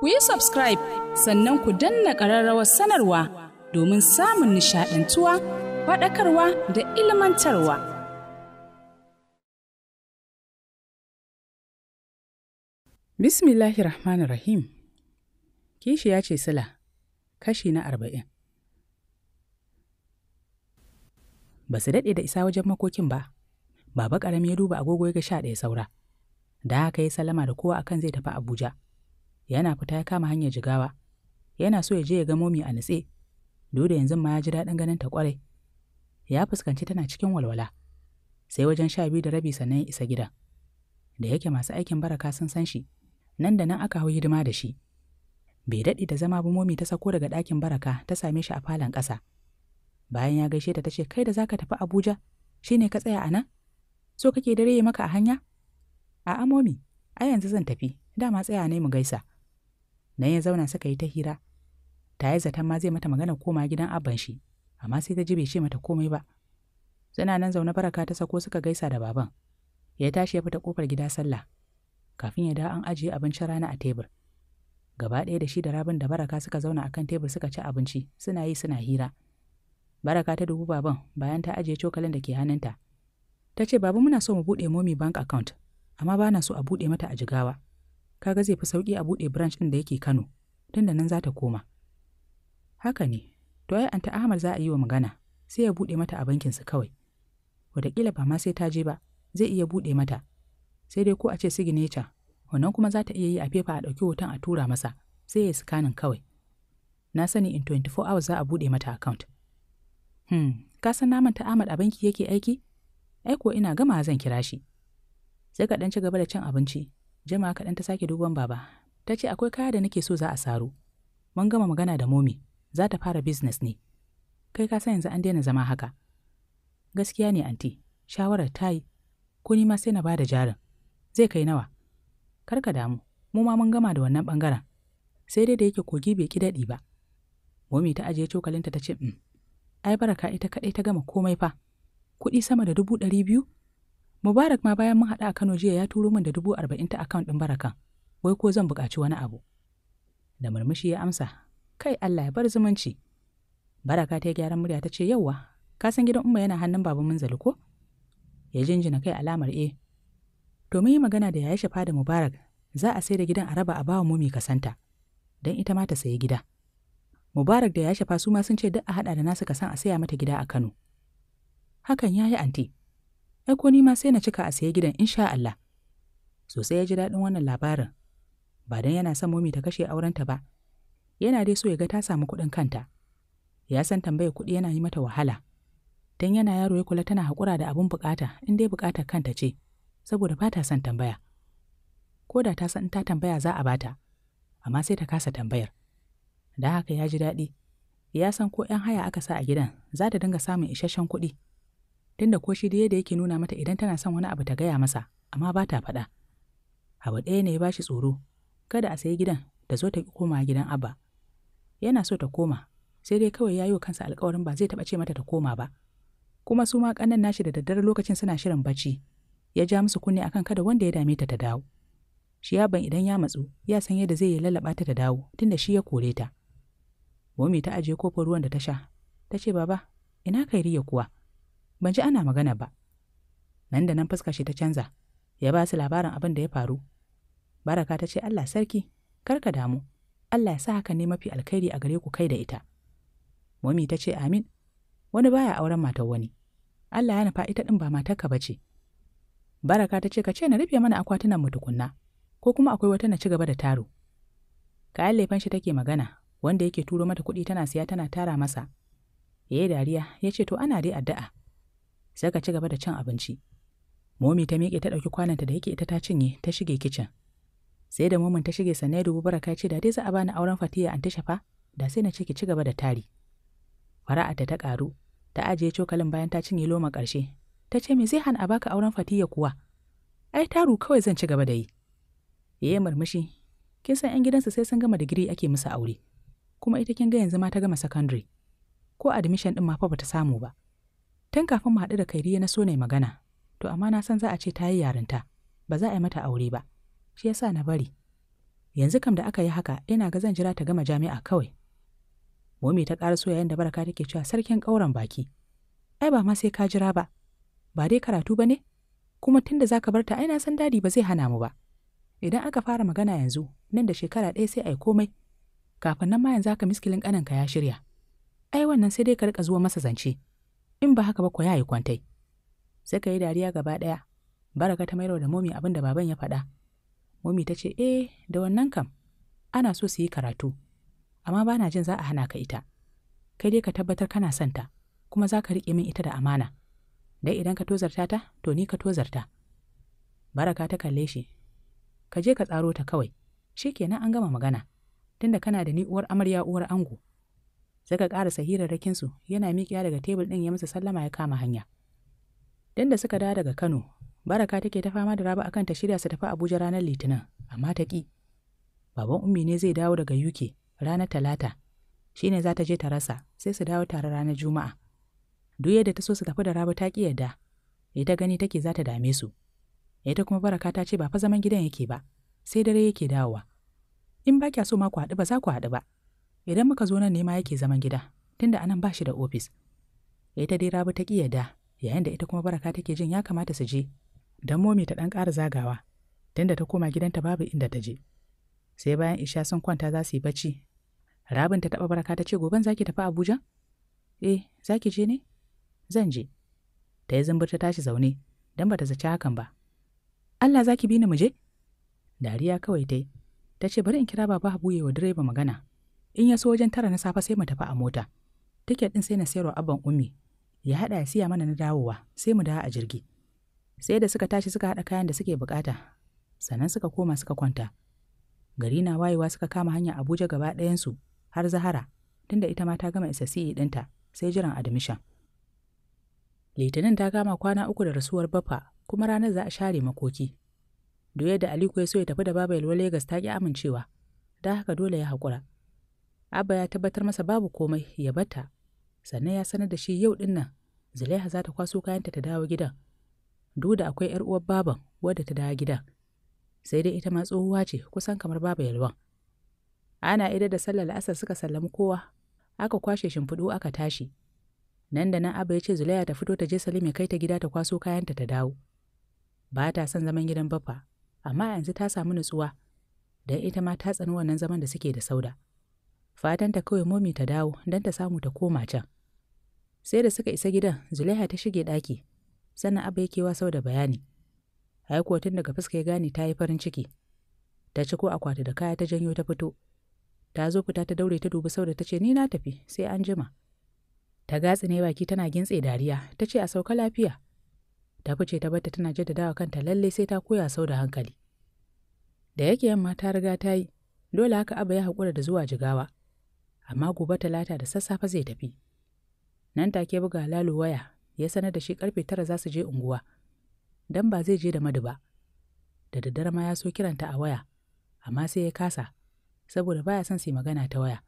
ku yi subscribe sannan ku danna ƙararrawar sanarwa domin samun nishaɗantuwa faɗakarwa da ilmantarwa. Bismillahir Rahmanir Rahim Kishi ya ce Sila, kashi na arba'in. Ba su daɗe da isa wajen makokin ba, baba ƙarami ya duba agogo ya ga sha ɗaya saura, da haka ya salama da kowa akan zai tafi Abuja. yana fita ya kama hanyar jigawa yana so ya je ya ga momi a nutse da yanzu ma ya ji daɗin ganin ta kwarai ya fuskanci tana cikin walwala sai wajen sha biyu da rabi sannan ya isa gida da yake masu aikin baraka sun san shi nan da nan aka hau hidima da shi bai daɗe da zama ba momi ta sako daga ɗakin baraka ta same shi a falon ƙasa bayan ya gaishe ta ta ce kai da zaka tafi abuja Shi ne ka tsaya a nan so kake dare maka a hanya a'a momi a yanzu zan tafi dama tsaya ne mu gaisa nan ya zauna suka yi ta hira ta yi zaton ma zai mata magana koma gidan abban shi amma sai ta ji bai ce mata komai ba suna nan zaune baraka ta sako suka gaisa da baban ya tashi ya fita kofar gida sallah kafin ya dawo an ajiye abincin rana a tebur gaba ɗaya da shi da rabin da baraka suka zauna akan tebur suka ci abinci suna yi suna hira baraka ta dubi baban bayan ta ajiye cokalin da ke hannunta ta ce baba muna so mu buɗe momi bank account amma bana na so a buɗe mata a jigawa kaga zai fi sauƙi a buɗe branch ɗin da yake Kano, tun da nan za ta koma. Haka ne, to ai Anta Ahmad za a yi wa magana, sai ya buɗe mata a bankin su kawai. Wataƙila ba ma sai ta je ba, zai iya buɗe mata. Sai dai ko a ce signature, wannan kuma za ta iya yi a fefa a ɗauki hoton a tura masa, sai ya sikanin kawai. Na sani in 24 hours za a buɗe mata account. Hmm, ka san naman ta Ahmad a banki yake aiki? Ai ko ina gama zan kira shi. Sai ka ɗan ci gaba da cin abinci, jama'a kaɗan ta sake duban baba ta ce akwai kaya da nake so za a saro mun gama magana da momi za ta fara business ne kai ka san yanzu an daina zama haka gaskiya ne anti shawarar ta yi ko ma sai na bada jarin zai kai nawa kar ka damu mu ma mun gama da wannan bangaren sai dai da yake kogi bai ki daɗi ba momi ta ajiye cokalinta ta ce mm. ai baraka ita kaɗai ta gama komai fa kuɗi sama da dubu ɗari biyu Mubarak ma bayan mun haɗu a Kano jiya ya turo min da dubu arba'in ta akaunt ɗin barakan, wai ko zan buƙaci wani abu. Da murmushi ya amsa, kai Allah ya bar zumunci. Baraka ta yi gyaran murya ta ce yauwa, ka san gidan umma yana hannun baban munzali ko? Ya jinjina kai alamar e. To mun yi magana da yaya shafa da Mubarak, za a sai da gidan a raba a bawa kasanta, don ita ma ta sayi gida. Mubarak da yaya shafa su ma sun ce duk a haɗa da nasu kasan a saya mata gida a Kano. Hakan ya yi anti, ai ko ni ma sai na cika a sayi gidan insha Allah sosai ya ji daɗin wannan labarin ba dan yana son momi ta kashe aurenta ba yana dai so ya ga ta samu kuɗin kanta ya san tambayar kuɗi yana yi mata wahala dan yana yaro ya kula tana haƙura da abun buƙata in dai buƙatar kanta ce saboda ba ta son tambaya ko da ta san ta tambaya za a bata amma sai ta kasa tambayar da haka ya ji daɗi ya san ko 'yan haya aka sa a gidan za ta dinga samun isasshen kuɗi tunda ko shi da yake nuna mata idan tana son wani abu ta gaya masa amma ba ta faɗa abu ɗaya ne ya bashi tsoro kada a sayi gidan da zo ta koma gidan abba yana so ta koma sai dai kawai ya yi wa kansa alkawarin ba zai taɓa ce mata ta koma ba kuma su ma ƙannan nashi da daddare lokacin suna shirin bacci ya ja musu kunne akan kada wanda ya dame ta ta dawo shi ban idan ya matsu ya san yadda zai yi lallaɓa ta ta dawo tunda shi ya kore ta momi ta ajiye kofar ruwan da ta sha ta ce baba ina riya kuwa ban ji ana magana ba nan da nan fuska shi ta canza ya ba su labarin abin da ya faru baraka ta ce allah sarki kar ka damu allah ya sa haka ne mafi alkhairi a gare ku kai da ita momi ta ce amin wani baya auren matar wani allah ya nufa ita ɗin ba matarka ba ce baraka ta ce ka ce na rufe mana akwatunan mu tukunna ko kuma akwai wata na ci gaba da taro kayan laifin shi take magana wanda yake turo mata kuɗi tana siya tana tara masa ya dariya ya ce to ana dai addu'a sai ka ci gaba da cin abinci. Momi ta miƙe ta ɗauki kwananta da yake ita ta cinye ta shige kicin. Sai da momin ta shige sannan ya dubi baraka ce da dai za a bani auren Fatiya an ta shafa da sai na ce ki ci gaba da tari. Fara'a ta ta ƙaru ta ajiye cokalin bayan ta cinye loma ƙarshe ta ce me zai hana a baka auren Fatiya kuwa? Ai taru kawai zan ci gaba da yi. Yaya murmushi kin san 'yan gidansa sai sun gama digiri ake musu aure kuma ita kin ga yanzu ma ta gama sakandare. ko admission ɗin ma fa bata samu ba Tun kafin mu haɗu da kairi na so na magana, to amma na san za a ce ta yi yarinta, ba za a yi mata aure ba, shi yasa na bari. Yanzu kam da aka yi haka, ina ga zan jira ta gama jami'a kawai. Momi ta ƙara so yayin da baraka take cewa sarkin ƙauren baki. Ai ba ma sai ka jira ba, ba dai karatu ba ne? Kuma tun da zaka bar ta ai na san dadi ba zai hana mu ba. Idan aka fara magana yanzu, nan da shekara ɗaya sai ai komai. Kafin nan ma yanzu haka miskilin ƙananka ya shirya. Ai wannan sai dai ka riƙa zuwa masa zance. in ba haka ba ku yayi kwantai sai ka yi dariya gaba ɗaya baraka ta mayar da momi abin da baban ya faɗa momi ta ce eh da wannan kam ana so su yi karatu amma bana jin za a hana ka ita kai dai ka tabbatar kana son ta kuma za ka riƙe min ita da amana dai idan ka tozarta ta to ni ka tozarta baraka ta kalle shi ka je ka tsaro ta kawai Shi kenan an gama magana tunda kana da ni uwar amarya uwar ango suka sahirarrakin su yana miƙiya daga tebul ɗin ya masa sallama ya kama hanya dan da suka dawo daga kano baraka take ta fama da raba akan ta shirya su tafi abuja ranar litinin amma ta ƙi baban ummi ne zai dawo daga uk ranar talata shi ne za ta je ta rasa sai su dawo tare ranar juma'a duk yadda ta so su tafi da raba ta ƙi yadda ta gani take za ta dame su ita kuma baraka ta ce ba fa zaman gidan yake ba sai dare yake dawowa in ba kya so ma ku haɗu ba za ku haɗu ba idan muka zo nan nema ma yake zaman gida tunda anan ba shi da ofis ita dai rabu ta ƙi yarda yayin da ita kuma baraka take jin ya kamata su je don momi ta ɗan ƙara zagawa tunda ta koma gidanta babu inda ta je sai bayan isha sun kwanta za su yi bacci rabin ta taɓa baraka ta ce goben zaki tafi abuja eh zaki je ne zan je ta yi zumbur ta tashi zaune don ba ta zaci hakan ba allah zaki bi ni mu je dariya kawai ta yi ta ce bari in kira baba habu ya wa direba magana in ya so wajen tara na safe sai mu tafi a mota tiket ɗin sai na sayarwa abban ummi ya hada ya siya mana na dawowa sai mu dawo a jirgi sai da suka tashi suka haɗa kayan da suke bukata sannan suka koma suka kwanta gari na wayewa suka kama hanya abuja gaba ɗayansu har zahara tunda ita ma ta gama isa CE ɗinta sai jiran admission litinin ta kama kwana uku da rasuwar bafa kuma ranar za a share makoki doya da aliko ya so ya tafi da babu yalwa Legas ta ki amincewa da haka dole ya haƙura Abba ya tabbatar masa babu komai ya bata, sannan ya sanar da shi yau ɗin nan Zulaiha za ta kwaso kayanta ta dawo gidan. Duda akwai ‘yar uwar baban wadda ta dawo gidan. Sai dai ita ma tsohuwa ce kusan kamar baba yalwan. Ana ida da sallar la'asar suka sallami kowa, aka kwashe shimfiɗu aka tashi. Nan da nan Abba ya ce Zulaiha ta fito ta je Salim ya kai ta gida ta kwaso kayanta ta dawo. Ba ta son zaman gidan baffa, amma yanzu ta samu nutsuwa, don ita ma ta tsani wannan zaman da suke da sauda. fatanta kawai momi ta dawo don ta samu ta koma can sai da suka isa gidan zulaiha ta shige ɗaki sannan abba yake wasau da bayani ai tun daga fuska ya gane ta yi farin ciki ta ci ko akwati da kaya ta janyo ta fito ta zo fita ta daure ta dubi sau da ta ce ni na tafi sai an jima ta gatsi ne baki tana gintse dariya ta ce a sauka lafiya ta fice ta bata tana jaddadawa kanta lalle sai ta koya sau da hankali da yake yamma ta riga ta yi dole haka aba ya haƙura da zuwa jigawa amma gobe talata da sassafe zai tafi. Nan take buga Lalo waya ya sanar da shi karfe tara za su je unguwa, Dan ba zai je da madu ba. Da daddare ma ya so kiranta a waya, amma sai ya kasa, saboda baya son su magana ta waya.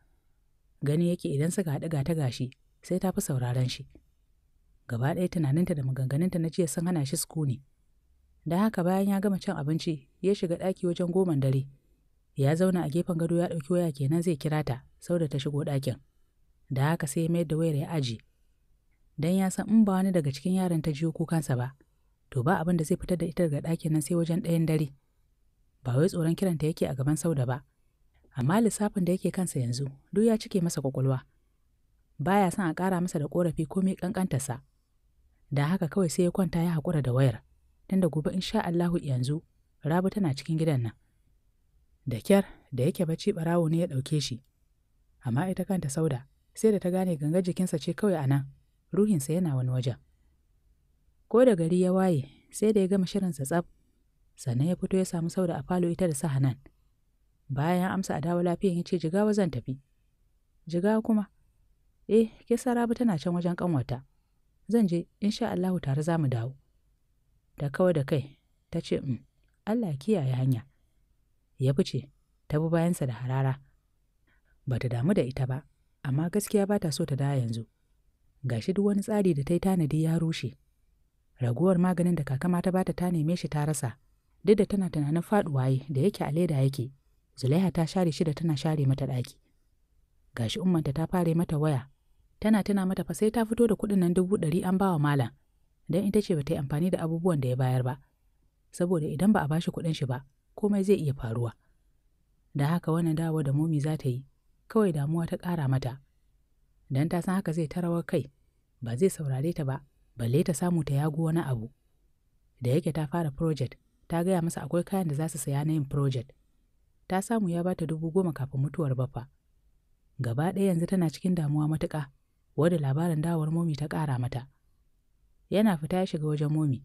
Gani yake idan suka haɗu ga ta gashi, sai ta fi sauraron shi. Gaba ɗaya tunaninta da maganganunta na jiya sun hana shi sukuni. Da haka bayan ya gama cin abinci, ya shiga ɗaki wajen goman dare. Ya zauna a gefen gado ya ɗauki waya kenan zai kira ta, sau da ta shigo ɗakin. Da haka sai ya mayar da wayar ya aji. Dan ya san in ba wani daga cikin yaran ta jiyo kukansa ba, to ba abin da zai fitar da ita daga ɗakin nan sai wajen ɗayan dare. Ba wai tsoron kiranta yake a gaban sau da ba, amma lissafin da yake kansa yanzu duk ya cike masa kwakwalwa. Baya son a ƙara masa da ƙorafi mai ƙanƙantarsa. Da haka kawai sai ya kwanta ya haƙura da wayar, tun da gobe insha Allahu yanzu rabu tana cikin gidan nan. Da kyar da yake bacci ɓarawo ne ya ɗauke shi, amma ita kanta sauda sai da ta gane ganga jikinsa ce kawai a nan ruhinsa yana wani wajen ko da gari ya waye sai da ya gama shirinsa tsaf sannan ya fito ya samu sauda a falo ita da sa nan. bayan amsa a dawo lafiyan ya ce jigawa zan tafi jigawa kuma eh ke sarabu tana can wajen kanwata zan je insha Allahu tare za mu dawo da kawai da kai ta ce um Allah kiyaye hanya ya fice ta bi bayansa da harara ba ta damu da ita ba amma gaskiya ba ta so ta da yanzu Ga shi duk wani tsari da ta yi tanadi ya rushe raguwar maganin da kakama ta bata ta neme shi ta rasa duk da tana tunanin faɗuwa yi da yake a leda yake zulaiha ta share shi da tana share mata ɗaki shi ummanta ta fare mata waya tana tana mata fa sai ta fito da kuɗin nan dubu ɗari an bawa malam don ita ce ba ta yi amfani da abubuwan da ya bayar ba saboda idan ba a bashi kuɗin shi ba komai zai iya faruwa da haka wannan dawo da momi za ta yi kawai damuwa ta ƙara mata don ta san haka zai ta rawar kai ba zai saurare ta ba balle ta samu ta yago wani abu da yake ta fara project ta gaya masa akwai kayan da za su saya na yin project ta samu ya bata dubu goma kafin mutuwar baffa gaba ɗaya yanzu tana cikin damuwa matuƙa wadda labarin dawar momi ta ƙara mata yana fita ya shiga wajen momi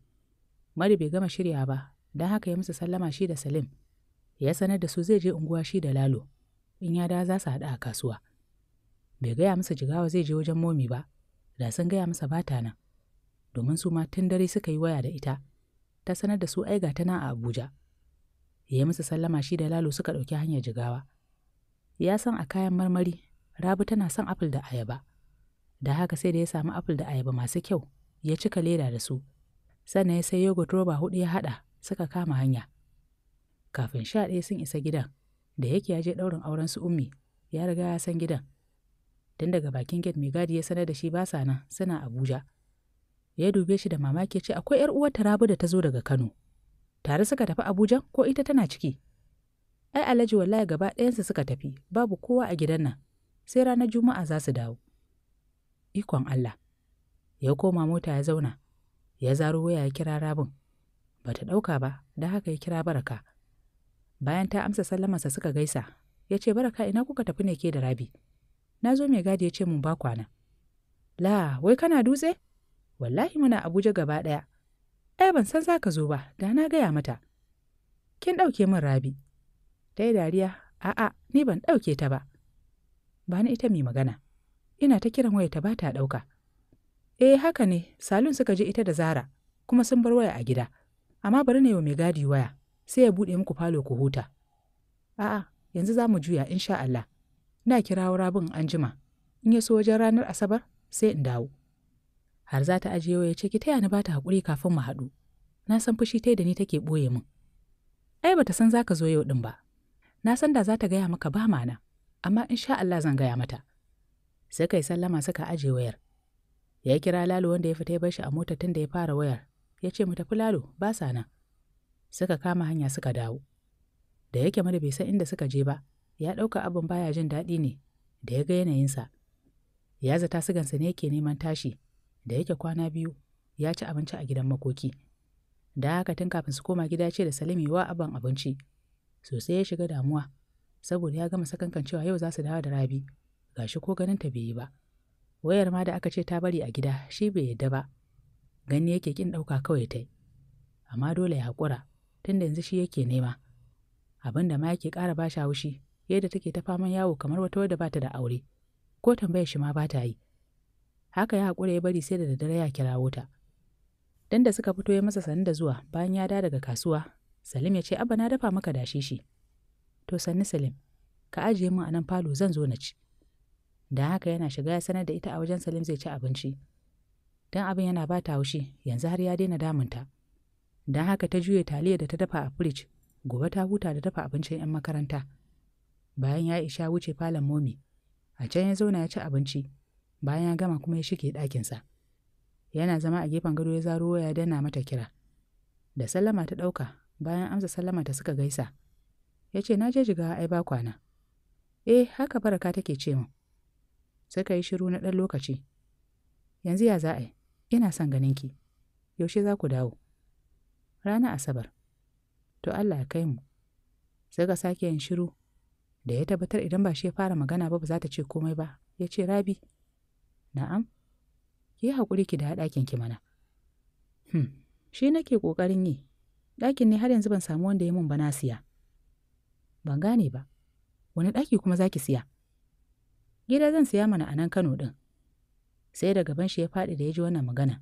mari bai gama shirya ba don haka ya musu sallama shi da salim ya sanar da su zai je unguwa shi da lalo in ya da za su haɗu a kasuwa bai gaya masa jigawa zai je wajen momi ba da sun gaya masa bata nan domin su ma tun dare suka yi waya da ita ta sanar da su aiga ga tana a abuja ya yi musu sallama shi da lalo suka ɗauki hanyar jigawa ya san a kayan marmari rabu tana son apple da ayaba da haka sai da ya samu apple da ayaba masu kyau ya cika leda da su sannan ya sai yogurt roba hudu ya haɗa suka kama hanya kafin sha ɗaya sun isa gidan da yake ya je ɗaurin auren su ummi ya riga ya san gidan tun daga bakin gate mai gadi ya sanar da shi basa nan suna abuja ya dube shi da mamaki ce akwai yar uwar rabu da ta zo daga kano tare suka tafi abuja ko ita tana ciki ai alhaji wallahi gaba ɗayansu suka tafi babu kowa a gidan nan sai ranar juma'a za su dawo ikon allah ya koma mota ya zauna ya zaro waya ya kira rabin ba ta ɗauka ba don haka ya kira baraka Bayan ta amsa sallamarsa suka gaisa, ya ce baraka ina kuka tafi ne ke da rabi. Na zo mai gadi ya ce mun ba kwana. La, wai kana dutse? Wallahi muna Abuja gaba ɗaya. Ai eh, ban san za ka zo ba, da na gaya mata. Kin ɗauke min rabi. Ta yi dariya, a'a, ni ban ɗauke ta ba. Ba ni ita mai magana. Ina ta kiran waya ta ba ta ɗauka. Eh haka ne, Salun suka je ita da Zara, kuma sun bar waya a gida. Amma bari na yi wa mai gadi waya, sai ya buɗe muku falo ku huta. A'a, yanzu za mu juya insha Allah. Na kirawo rabin an jima. In ya so wajen ranar Asabar sai in dawo. Har za ta ajiye ya ce ki taya ni ba haƙuri kafin mu haɗu. Na san fushi ta da ni take ɓoye min. Ai bata san za ka zo yau ɗin ba. Na san da za ta gaya maka ba mana, amma insha Allah zan gaya mata. sai kai sallama suka ajiye wayar. Ya kira Lalo wanda ya fita ya bar shi a mota tun da ya fara wayar. Ya ce mu tafi Lalo ba sa nan. suka kama hanya suka dawo da yake mada bai san inda suka je ba ya ɗauka abin baya jin daɗi ne da ya ga yanayinsa ya zata sigansa ne yake neman tashi da yake kwana biyu ya ci abinci a gidan makoki da haka tun kafin su koma gida ce da salim wa abin abinci sosai ya shiga damuwa saboda ya gama sakankan cewa yau za su dawo da rabi Ga shi ko ganin ta bai yi ba wayar ma da aka ce ta bari a gida shi bai yadda ba gani yake kin ɗauka kawai ta amma dole ya haƙura tunda yanzu shi yake nema abin da ma yake ƙara ba shi haushi yadda take ta faman yawo kamar wata wadda bata da aure ko tambayar shi ma bata yi haka ya haƙura ya bari sai da daddare ya kirawo ta dan da suka fito ya masa sanin da zuwa bayan ya da daga kasuwa salim ya ce abba na dafa maka da shi to sanni salim ka ajiye min a nan falo zan zo na ci da haka yana shiga ya sanar da ita a wajen salim zai ci abinci dan abin yana bata haushi yanzu har ya daina damunta don haka ta juya taliya da ta dafa a firij gobe ta huta da dafa abincin 'yan makaranta bayan ya isha wuce falon momi a can ya zauna ya ci abinci bayan ya gama kuma ya shige ɗakinsa yana zama a gefen gado ya zaro waya dana mata kira da sallama ta ɗauka bayan amsa sallama ta suka gaisa ya ce na je jiga ai ba kwana eh haka baraka take ce mu suka yi shiru na ɗan lokaci yanzu ya za yi ina son ganinki yaushe za ku dawo ranar Asabar. To Allah ya kai mu. Sai ka sake yin shiru. Da ya tabbatar idan ba shi ya fara magana ba ba za ta ce komai ba. Ya ce Rabi. Na'am. Ki haƙuri ki da ɗakin ki mana. Hmm. Shi nake ƙoƙarin yi. Ɗakin ne har yanzu ban samu wanda ya mun bana siya. Ban gane ba. Wani ɗaki kuma za ki siya? Gida zan siya mana a nan Kano ɗin. Sai da ban shi ya faɗi da ya ji wannan magana.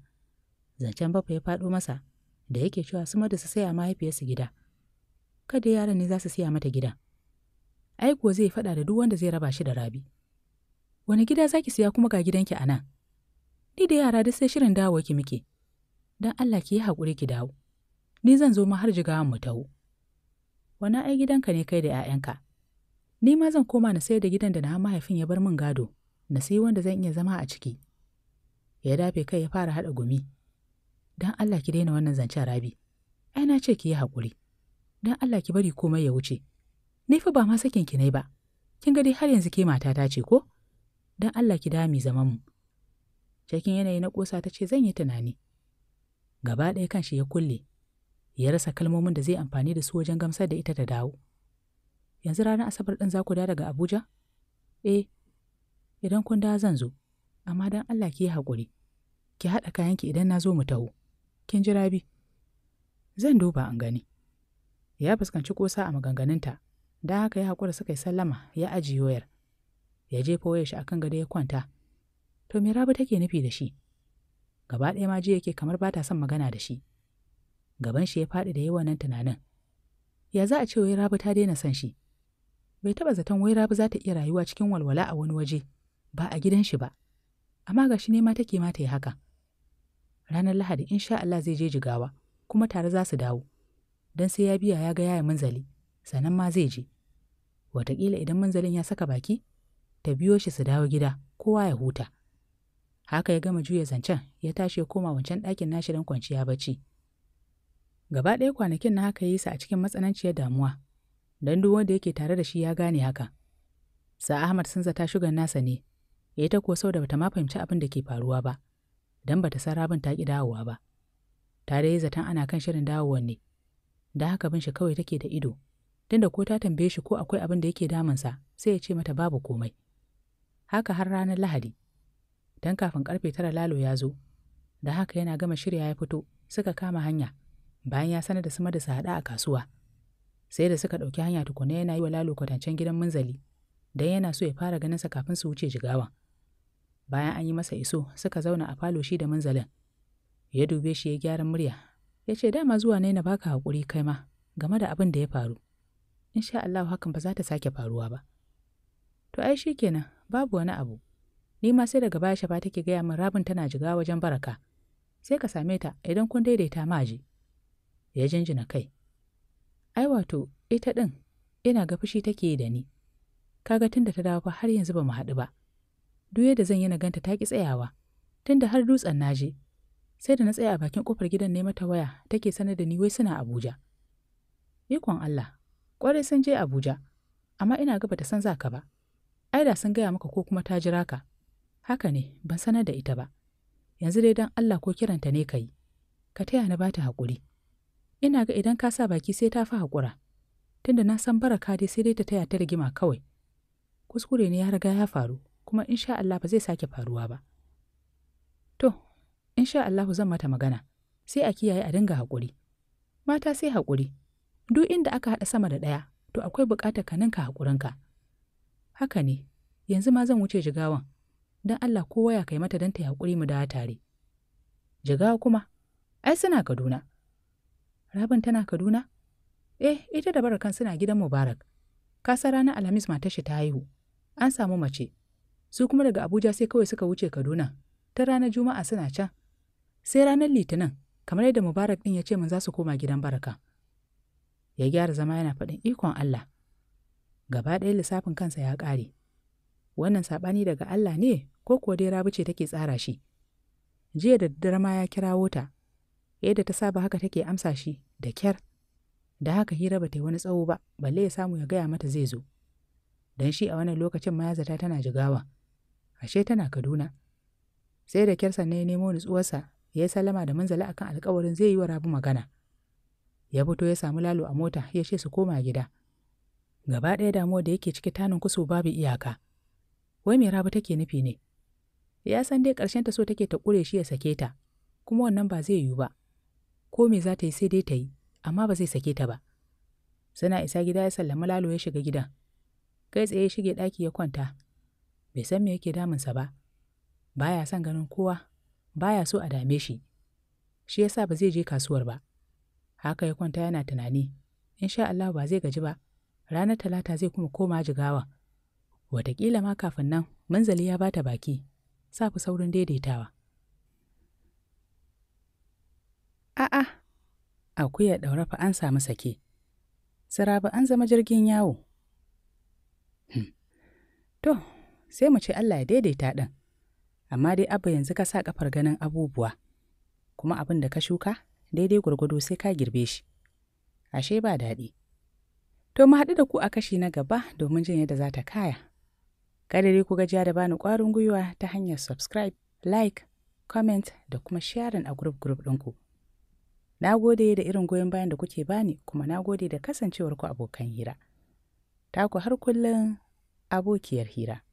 Zancen bafa ya faɗo masa, da yake cewa su mata su saya mahaifiyarsu gida kada yaran ne za su saya mata gida ai kuwa zai faɗa da duk wanda zai raba shi da rabi wani gida za ki siya kuma ga gidanki a nan ni da yara duk sai shirin dawo ki muke don allah ki yi haƙuri ki dawo ni zan zo ma har jigawan mu ta'u. wani ai gidanka ne kai da 'ya'yanka ni ma zan koma na sayar da gidan da na mahaifin ya bar min gado na sayi wanda zan iya zama a ciki ya dafe kai ya fara haɗa gumi don Allah ki daina wannan zancen rabi ai na ce ki yi haƙuri don Allah ki bari komai ya wuce ni fa ba ma sakin ki nai ba kin ga dai har yanzu ke matata ce ko don Allah ki dami zaman mu cikin yanayi na ƙosa ta ce zan yi tunani gaba ɗaya kan shi ya kulle ya rasa kalmomin da zai amfani da su wajen gamsar da ita ta dawo yanzu ranar asabar ɗin za ku da daga abuja eh idan kun dawo zan zo amma don Allah ki yi haƙuri ki haɗa kayanki idan na zo mu taho Kin ji Rabi? Zan duba an gani. Ya fuskanci kosa a maganganunta, don haka ya haƙura suka yi sallama ya ajiye wayar. Ya jefa wayar shi akan gado ya kwanta. To me Rabi take nufi da shi? Gaba ɗaya ma ji yake kamar ba ta son magana da shi. Gaban shi ya faɗi da yawan nan tunanin. Ya za a ce wai Rabi ta daina son shi? Bai taɓa zaton wai Rabi za ta iya rayuwa cikin walwala a wani waje, ba a gidan shi ba. Amma ga ne ma take ma ta yi hakan. ranar Lahadi sha Allah zai je jigawa kuma tare za su dawo don sai ya biya ya ga yaya manzali sannan ma zai je wataƙila idan manzalin ya saka baki ta biyo shi su dawo gida kowa ya huta haka ya gama juya zancen ya tashi ya koma wancan ɗakin nashi don kwanciya bacci gaba ɗaya kwanakin na haka yi sa a cikin matsananciyar damuwa don duk wanda yake tare da shi ya gane haka sa Ahmad sun zata shugan nasa ne ya ta kuwa sau da bata ma fahimci abin da ke faruwa ba don ta san rabin ta ƙi dawowa ba. Ta dai zaton ana kan shirin dawowar ne, da haka bin shi kawai take da ido, tunda ko ta tambaye shi ko akwai abin da yake damunsa sai ya ce mata babu komai. Haka har ranar Lahadi, don kafin ƙarfe tara Lalo ya zo, da haka yana gama shirya ya fito suka kama hanya bayan ya sanar da su da su haɗa a kasuwa. Sai da suka ɗauki hanya tukuna yana yi wa Lalo kwatancen gidan munzali, don yana so ya fara ganinsa kafin su wuce jigawan. Bayan an yi masa iso, suka zauna a falo shi da munzalin. Ya dube shi ya gyara murya, ya ce dama zuwa ne na baka haƙuri kai ma game da abin da ya faru. in sha Allah hakan ba za ta sake faruwa ba. To ai shi kenan, babu wani abu. Ni ma sai daga baya shafa take gaya min rabin tana jiga wajen baraka. Sai ka same ta idan kun daidaita ma ji. Ya jinjina kai. Ai wato, ita ɗin, ina ga fushi take da ni. Kaga tun da ta dawo fa har yanzu ba mu haɗu ba. duk yadda zan yi na ganta ta ki tsayawa tunda har dutsen na je sai da na tsaya a bakin kofar gidan ne mata waya take sanar da ni wai suna Abuja ikon Allah kwarai sun je Abuja amma ina ga bata san za ka ba ai da sun gaya maka ko kuma ta jira ka haka ne ban sanar da ita ba yanzu dai dan Allah ko kiranta ne ka yi ka taya na bata haƙuri ina ga idan ka sa baki sai ta fi haƙura tunda na san baraka dai sai dai ta taya ta rigima kawai kuskure ne ya riga ya faru kuma insha Allah ba zai sake faruwa ba. To, insha Allah zan mata magana, sai a kiyaye a dinga haƙuri. Mata sai haƙuri, duk inda aka haɗa sama da ɗaya, to akwai buƙatar ka ninka haƙurinka. Haka ne, yanzu ma zan wuce jigawan, don Allah kowa ya kai mata don ta haƙuri mu da tare. Jigawa kuma, ai suna Kaduna. Rabin tana Kaduna? Eh, ita da barakan suna gidan Mubarak. Kasa ranar Alhamis ma shi ta haihu. An samu mace. su kuma daga abuja sai kawai suka wuce kaduna ta ranar juma'a suna can sai ranar litinin kamar yadda mubarak ɗin ya ce min za su koma gidan baraka ya gyara zama yana faɗin ikon allah gaba ɗaya lissafin kansa ya ƙare wannan saɓani daga allah ne ko kuwa dai rabu ce take tsara shi jiya da daddare ma ya kirawo ta yadda ta saba haka take amsa shi da kyar da haka hira ba ta yi wani tsawo ba balle ya samu ya gaya mata zai zo don shi a wannan lokacin ma ya zata tana jigawa ashe tana Kaduna. Sai da kyar sannan ya nemo nutsuwarsa ya yi sallama da manzala kan alkawarin zai yi wa Rabi magana. Ya fito ya samu lalo a mota ya ce su koma gida. Gaba ɗaya damuwa da yake ciki tanin kusu babu iyaka. Wai me Rabi take nufi ne? Ya san dai ƙarshen ta so take ta ƙure shi ya sake ta, kuma wannan ba zai yiwu ba. Ko me za ta yi sai dai ta yi, amma ba zai sake ta ba. Suna isa gida ya sallami lalo ya shiga gidan. Kai tsaye ya shige ɗaki ya kwanta, bai san me yake damunsa ba baya son ganin kowa baya so a dame shi shi yasa ba zai je kasuwar ba haka ya kwanta yana tunani sha Allah ba zai gaji ba ranar talata zai kuma koma jigawa wataƙila ma kafin nan manzali ya bata baki sa fi saurin daidaitawa a'a akuya ɗaura fa an samu sake saraba an zama jirgin yawo hmm. to sai mu ce Allah ya daidaita ɗin. Amma dai abu yanzu ka sa kafar ganin abubuwa, kuma abin da ka shuka daidai gwargwado sai ka girbe shi. Ashe ba daɗi. To mu haɗu da ku a kashi na gaba domin jin yadda za ta kaya. Kada dai ku gajiya da bani ƙwarin gwiwa ta hanyar subscribe, like, comment da kuma sharing a group group ɗinku. Na gode da irin goyon bayan da kuke bani kuma na gode da kasancewarku abokan hira. Taku har kullum abokiyar hira.